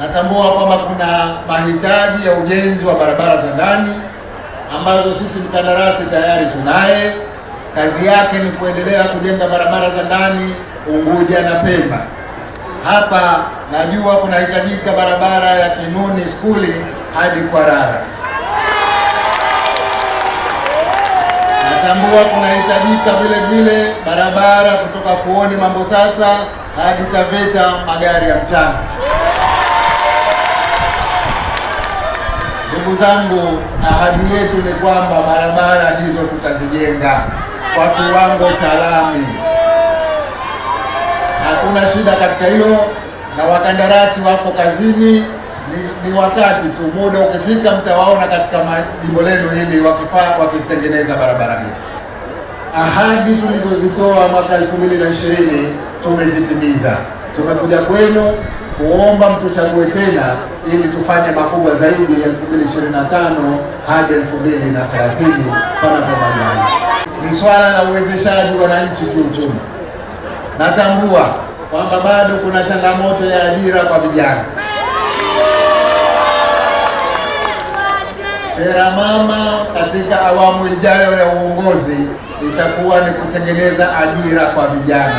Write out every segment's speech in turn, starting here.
Natambua kwamba kuna mahitaji ya ujenzi wa barabara za ndani ambazo sisi mkandarasi tayari tunaye. Kazi yake ni kuendelea kujenga barabara za ndani Unguja na Pemba. Hapa najua kunahitajika barabara ya Kinuni skuli hadi Kwarara. Natambua kunahitajika vile vile barabara kutoka Fuoni mambo sasa hadi Taveta magari ya mchanga. ndugu zangu, ahadi yetu ni kwamba barabara hizo tutazijenga kwa kiwango cha lami, hakuna shida katika hilo, na wakandarasi wako kazini. Ni, ni wakati tu, muda ukifika mtawaona katika jimbo lenu hili wakifaa wakizitengeneza barabara hii. Ahadi tulizozitoa mwaka 2020 tumezitimiza tumekuja kwenu kuomba mtuchague tena ili tufanye makubwa zaidi 2025 hadi 2030 panapo majaliwa. Ni swala la uwezeshaji wananchi kiuchumi. Natambua kwamba bado kuna changamoto ya ajira kwa vijana. Sera mama katika awamu ijayo ya uongozi itakuwa ni kutengeneza ajira kwa vijana.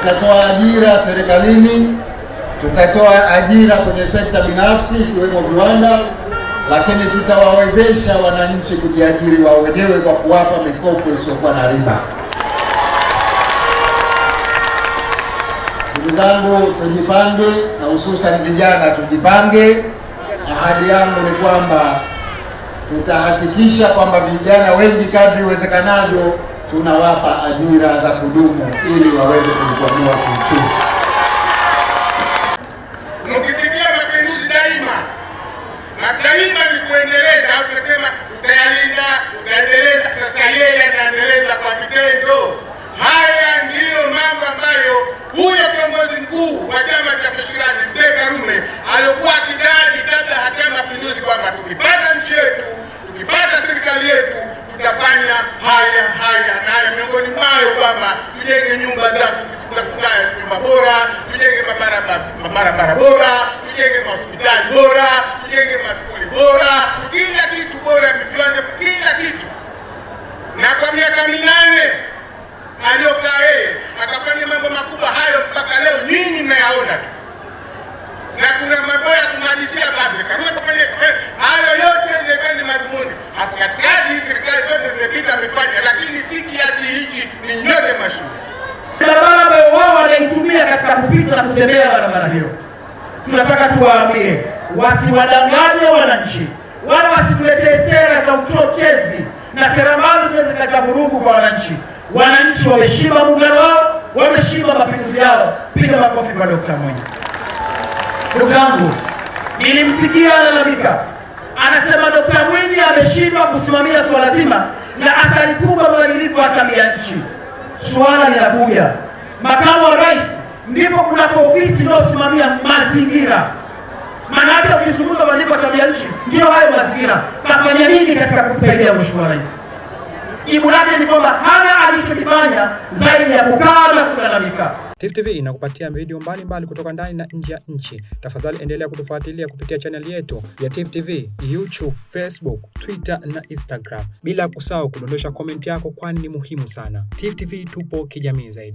tutatoa ajira serikalini, tutatoa ajira kwenye sekta binafsi ikiwemo viwanda, lakini tutawawezesha wananchi kujiajiri wao wenyewe kwa kuwapa mikopo isiyokuwa na riba. Ndugu zangu, tujipange na hususan vijana tujipange. Ahadi yangu ni kwamba tutahakikisha kwamba vijana wengi kadri iwezekanavyo tunawapa ajira za kudumu ili waweze kujikwamua kiuchumi. Mkisikia mapinduzi daima na daima ni kuendeleza au tunasema utayalinda, utaendeleza. Sasa yeye anaendeleza kwa vitendo. Haya ndiyo mambo ambayo huyo kiongozi mkuu wa chama cha Fishirazi Mzee Karume aliokuwa akidai kabla hata mapinduzi kwamba tukipata nchi yetu, tukipata serikali yetu tutafanya haya haya na haya, miongoni mwayo kwamba tujenge nyumba za kukaa, nyumba bora, tujenge mabarabara bora, tujenge mahospitali bora, tujenge maskuli bora, kila kitu bora, viwanja, kila kitu. Na kwa miaka minane aliyokaa yeye akafanya mambo makubwa hayo, mpaka leo nyinyi mnayaona tu, na kuna mambo ya kumhadisia bado kafanya hayo yote hapo katikati. Serikali zote zimepita amefanya, lakini si kiasi hiki, Ni nyote mashuru barabara ambayo wao wanaitumia katika kupita na kutembea barabara hiyo. Tunataka tuwaambie wasiwadanganye wananchi, wala wasituletee sera za uchochezi na sera ambazo zinaweza kuleta vurugu kwa wananchi. Wananchi wameshiba muungano wao, wameshiba mapinduzi yao. Piga makofi kwa Dokta Mwinyi. Ndugu zangu, nilimsikia alalamika Anasema dkt Mwinyi ameshindwa kusimamia swala zima la athari kubwa mabadiliko ya tabia nchi. Swala linakuja, makamu wa rais ndipo kuna ofisi inayosimamia mazingira. Maana hata ukizungumza mabadiliko ya tabia nchi ndio hayo mazingira. Kafanya nini katika kumsaidia mheshimiwa rais? Jibu lake ni kwamba hana alichokifanya chakula Tifu TV inakupatia video mbalimbali kutoka ndani na nje ya nchi. Tafadhali endelea kutufuatilia kupitia chaneli yetu ya Tifu TV, YouTube, Facebook, Twitter na Instagram, bila kusahau kudondosha komenti yako, kwani ni muhimu sana. Tifu TV tupo kijamii zaidi.